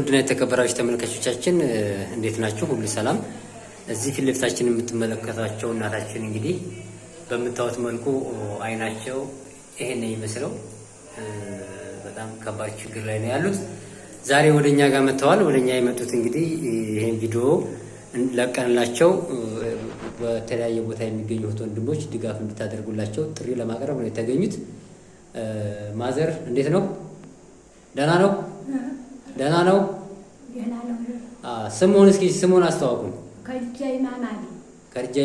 ውድና የተከበራችሁ ተመልካቾቻችን እንዴት ናችሁ? ሁሉ ሰላም። እዚህ ፊት ለፊታችን የምትመለከቷቸው እናታችን እንግዲህ በምታዩት መልኩ አይናቸው ይሄን የሚመስለው በጣም ከባድ ችግር ላይ ነው ያሉት። ዛሬ ወደ እኛ ጋር መጥተዋል። ወደ እኛ የመጡት እንግዲህ ይህን ቪዲዮ ለቀንላቸው በተለያየ ቦታ የሚገኙ እህት ወንድሞች ድጋፍ እንድታደርጉላቸው ጥሪ ለማቅረብ ነው የተገኙት። ማዘር እንዴት ነው? ደህና ነው? ደህና ነው። ስሙን እስኪ ስሙን አስተዋውቁን። ከድጃ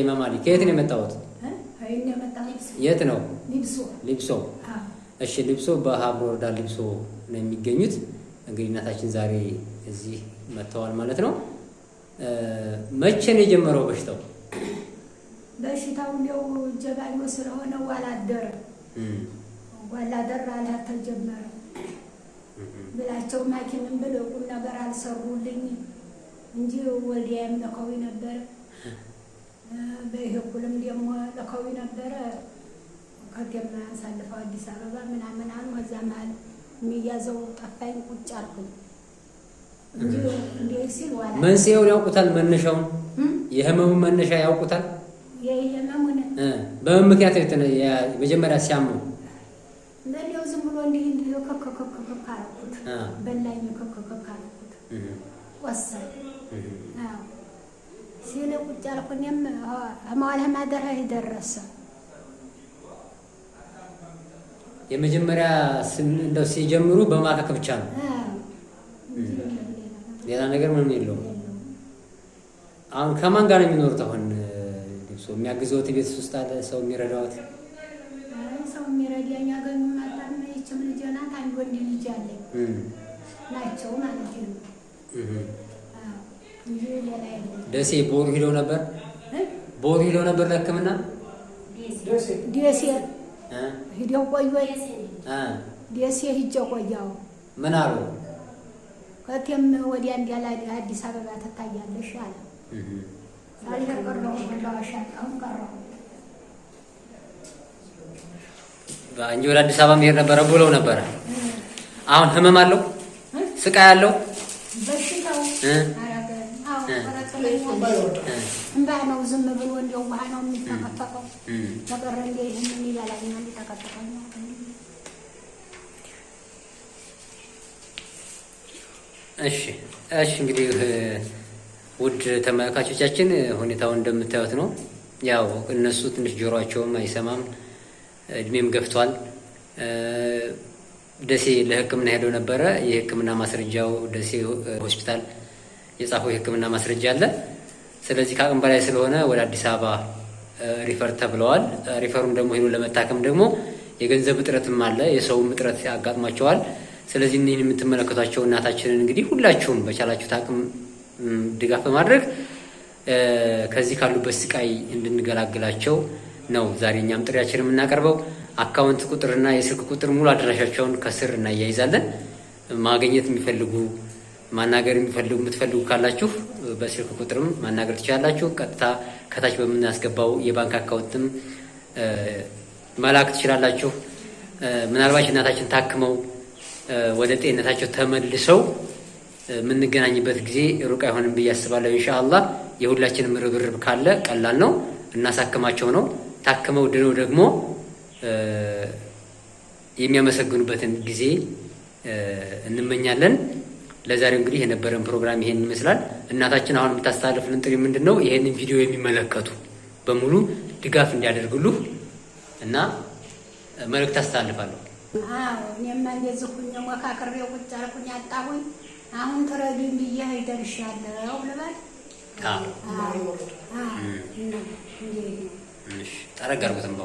ኢማም አሊ። ከየት ነው የመጣሁት? የት ነው? ሊብሶ። እሺ፣ ሊብሶ በሀብሮ ወረዳ ሊብሶ ነው የሚገኙት። እንግዲህ እናታችን ዛሬ እዚህ መጥተዋል ማለት ነው። መቼ ነው የጀመረው በሽታው? በሽታው እንደው ጀባኞ ስለሆነ ዋላደረ ዋላደረ አላት ተጀመረ ብላቸው ማኪንም ብለው ቁም ነገር አልሰሩልኝ እንጂ ወልዲያም ለከዊ ነበረ። በይሄኩልም ደግሞ ለከዊ ነበረ። ከገብረ አሳልፈው አዲስ አበባ ምናምን አሉ። ከዛ መሀል የሚያዘው ጠፋኝ። ቁጭ አልኩኝ እንጂ እንዲህ መንስኤውን ያውቁታል። መነሻውን የህመሙን መነሻ ያውቁታል። የህመሙን በምን ምክንያት መጀመሪያ ሲያመው ለኔው ዝም ብሎ እንዲህ እንዲህ ከከከከከ በላኝ ከከከከ አልኩት። ወሰን ሲል ቁጭ አልኩ። እኔም ደረሰ። የመጀመሪያ እንደው ሲጀምሩ በማከክ ብቻ ነው፣ ሌላ ነገር ምንም የለውም። አሁን ከማን ጋር ነው የሚኖሩት? አሁን የሚያግዘውት ቤት ውስጥ አለ ሰው የሚረዳውት የሚረዳኝ ይችም ልጅ ናት። አንድ ወንድ ልጅ አለኝ ናቸው ማለት ነው። ደሴ ቦሩ ሂደው ነበር፣ ቦሩ ሂደው ነበር ለሕክምና ደሴ ሂደው ቆዩ። ደሴ ሂጄ ቆያው። ምን አሉ? ከቴም ወዲያ አዲስ አበባ ትታያለሽ አለ። ቀረሁ እንጂ ወደ አዲስ አበባ መሄድ ነበረ ብለው ነበረ። አሁን ህመም አለው ስቃይ አለው እሺ እሺ። እንግዲህ ውድ ተመልካቾቻችን ሁኔታውን እንደምታዩት ነው። ያው እነሱ ትንሽ ጆሯቸውም አይሰማም እድሜም ገፍቷል። ደሴ ለሕክምና ሄደው ነበረ። የሕክምና ማስረጃው ደሴ ሆስፒታል የጻፈው የሕክምና ማስረጃ አለ። ስለዚህ ከአቅም በላይ ስለሆነ ወደ አዲስ አበባ ሪፈር ተብለዋል። ሪፈሩም ደግሞ ሄዶ ለመታከም ደግሞ የገንዘብ እጥረትም አለ፣ የሰውም እጥረት ያጋጥሟቸዋል። ስለዚህ እኒህን የምትመለከቷቸው እናታችንን እንግዲህ ሁላችሁም በቻላችሁት አቅም ድጋፍ በማድረግ ከዚህ ካሉበት ስቃይ እንድንገላግላቸው ነው ዛሬ እኛም ጥሪያችን የምናቀርበው። አካውንት ቁጥርና የስልክ ቁጥር ሙሉ አድራሻቸውን ከስር እናያይዛለን። ማግኘት የሚፈልጉ ማናገር የሚፈልጉ የምትፈልጉ ካላችሁ በስልክ ቁጥርም ማናገር ትችላላችሁ። ቀጥታ ከታች በምናስገባው የባንክ አካውንትም መላክ ትችላላችሁ። ምናልባት እናታችን ታክመው ወደ ጤንነታቸው ተመልሰው የምንገናኝበት ጊዜ ሩቅ አይሆንም ብዬ አስባለሁ። ኢንሻአላህ የሁላችንም ርብርብ ካለ ቀላል ነው፣ እናሳክማቸው ነው። ታክመው ድነው ደግሞ የሚያመሰግኑበትን ጊዜ እንመኛለን። ለዛሬ እንግዲህ የነበረን ፕሮግራም ይሄን ይመስላል። እናታችን አሁን የምታስተላልፍልን ጥሪ ምንድን ነው? ይሄንን ቪዲዮ የሚመለከቱ በሙሉ ድጋፍ እንዲያደርግሉህ እና መልእክት አስተላልፋለሁ። እኔማ ቁጭ አልኩኝ አጣሁኝ። አሁን ትረዱኝ ብዬ ይደርሻለሁ ልበል ጠረግ አድርጉት